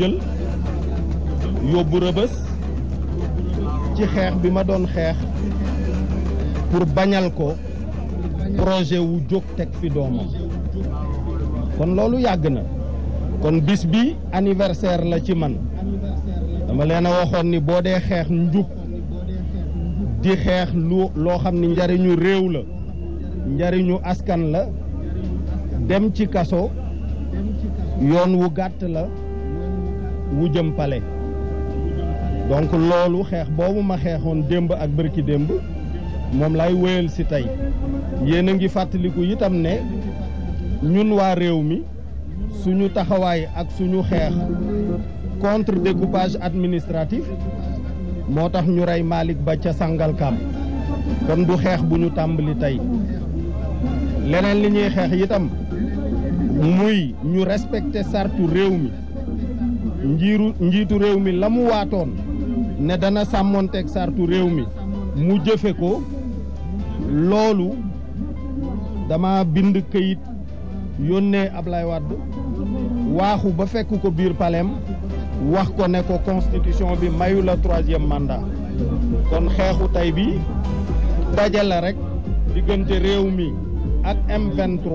jël yóbbu rëbës ci xeex bi ma doon xeex pour bañal ko projet wu jóg teg fi doomam kon loolu yàgg na kon bis bi anniversaire la ci man dama leen a waxoon ni boo dee xeex njub di xeex lu loo xam ni njariñu réew la njariñu askan la dem ci kaso yoon wu gàtt la wu jëmpale donc loolu xeex boobu ma xeexoon démb ak bërki démb moom lay wéyal si tey yéen a ngi fàttaliku itam ne ñun waa réew mi suñu taxawaay ak suñu xeex contre découpage administratif moo tax ñu rey Malick Ba ca Sangalkam kon du xeex bu ñu tàmbali tey leneen li ñuy xeex itam muy ñu respecter sartu réew mi njiitu réew mi la mu waatoon ne dana sàmmonteeg sartu réew mi mu jëfe ko loolu dama bind këyit yónnee Ablaye wàdd waaxu ba fekk ko biir palem wax ko ne ko constitution bi mayu la troisième mandat kon xeexu tey bi dajale rek diggante réew mi ak M23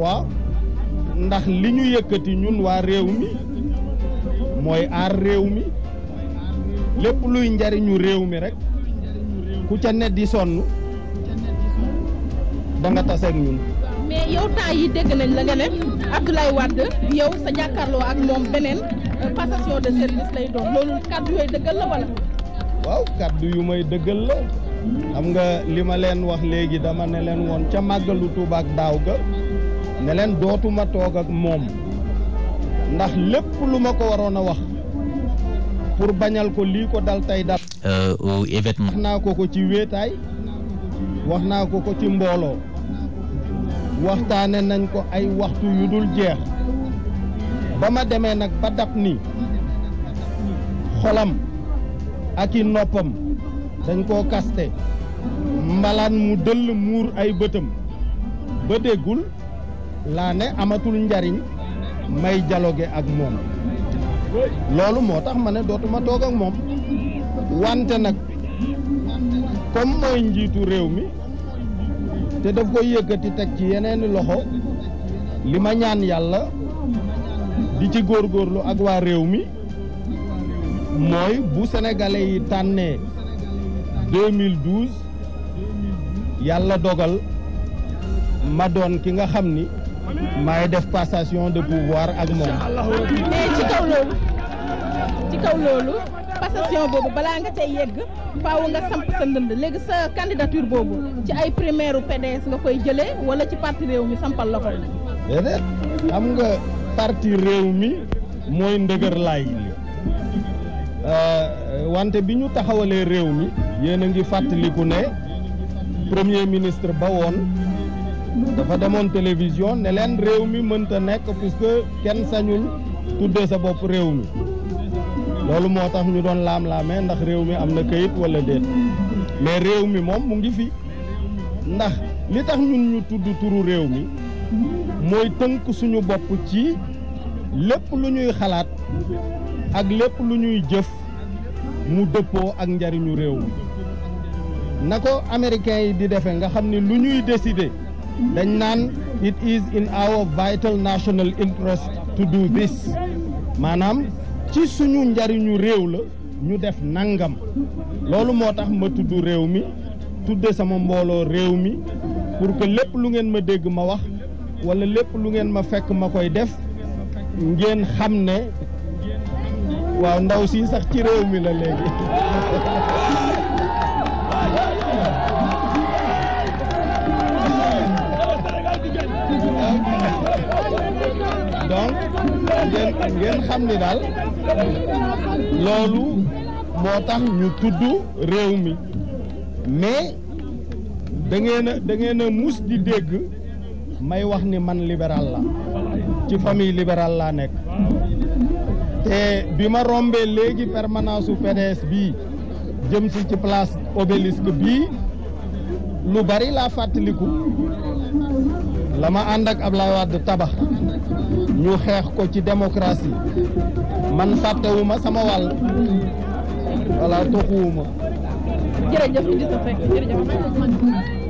ndax li ñu yëkkati ñun waa réew mi mooy aar réew mi lépp luy njariñu réew mi rek ku ca ne di sonn danga nga taseeg ñun. mais yow temps yi dégg nañ la nga ne Abdoulaye Wade yow sa jàkkaarloo ak moom beneen euh, passation de service lay doon loolu kàddu yooyu dëggal la wala. waaw kàddu yu may dëggal la xam nga li ma leen wax léegi dama ne leen woon ca màggalu Tuubaa ak daaw ga ne leen dootuma toog ak moom. ndax lépp lu ma ko waroon a wax pour bañal ko lii ko dal tey dal euh, événement wax naa ko ko ci wéetaay wax naa ko ko ci mbooloo waxtaane nañ ko ay waxtu yu dul jeex ba ma demee nag ba dab ni xolam ak i noppam dañ koo kaste mbalaan mu dëll muur ay bëtam ba déggul laa ne amatul njariñ may dialogué ak moom loolu moo tax ma ne dootuma toog ak moom wante nag comme mooy njiitu réew mi te daf koy yëkkati teg ci yeneeni loxo li ma ñaan yàlla di ci góor góorlu ak waa réew mi mooy bu senegale yi tànnee 2012 yàlla dogal ma doon ki nga xam ni maay def passation de pouvoir ak moom. mais ci kaw loolu passation boobu balaa nga cay yegg faaw nga samp sa ndënd léegi sa candidature boobu ci ay primaire PDS nga koy jëlee wala ci parti réew mi sampal la ko. déedéet xam nga parti réew mi mooy ndëgër laay euh, wante bi ñu taxawalee réew mi yéen a ngi fàttaliku ne premier ministre ba woon. dafa demoon télévision ne leen réew mi mënta nekk puisque kenn sañul tuddee sa bopp réew mi loolu moo tax ñu doon laam-laamee ndax réew mi am na këyit wala déet mais réew mi moom mu ngi fi ndax li tax ñun ñu tudd turu réew mi mooy tënk suñu bopp ci lépp lu ñuy xalaat ak lépp lu ñuy jëf mu dëppoo ak njariñu réew mi na ko yi di defee nga xam ni lu ñuy décider dañ naan it is in our vital national interest to do this maanaam ci suñu njariñu réew la ñu def nangam loolu moo tax ma tudd réew mi tudde sama mbooloo réew mi pour que lépp lu ngeen ma dégg ma wax walla lépp lu ngeen ma fekk ma koy def ngeen xam ne waaw ndaw si sax ci réew mi la léegi ngeen xam ni daal loolu moo tax ñu tudd réew mi mais da ngeen mus di dégg may wax ni man liberal la ci famille liberal laa nekk te bi ma rombee léegi permanence su PDS bii jëm si ci place obélisque bii lu bari laa fàttaliku la ma ànd ak Ablaye Wade tabax ñu xeex ko ci démocratie man fàttewuma sama wàll voilà toxuwuma jërëjëf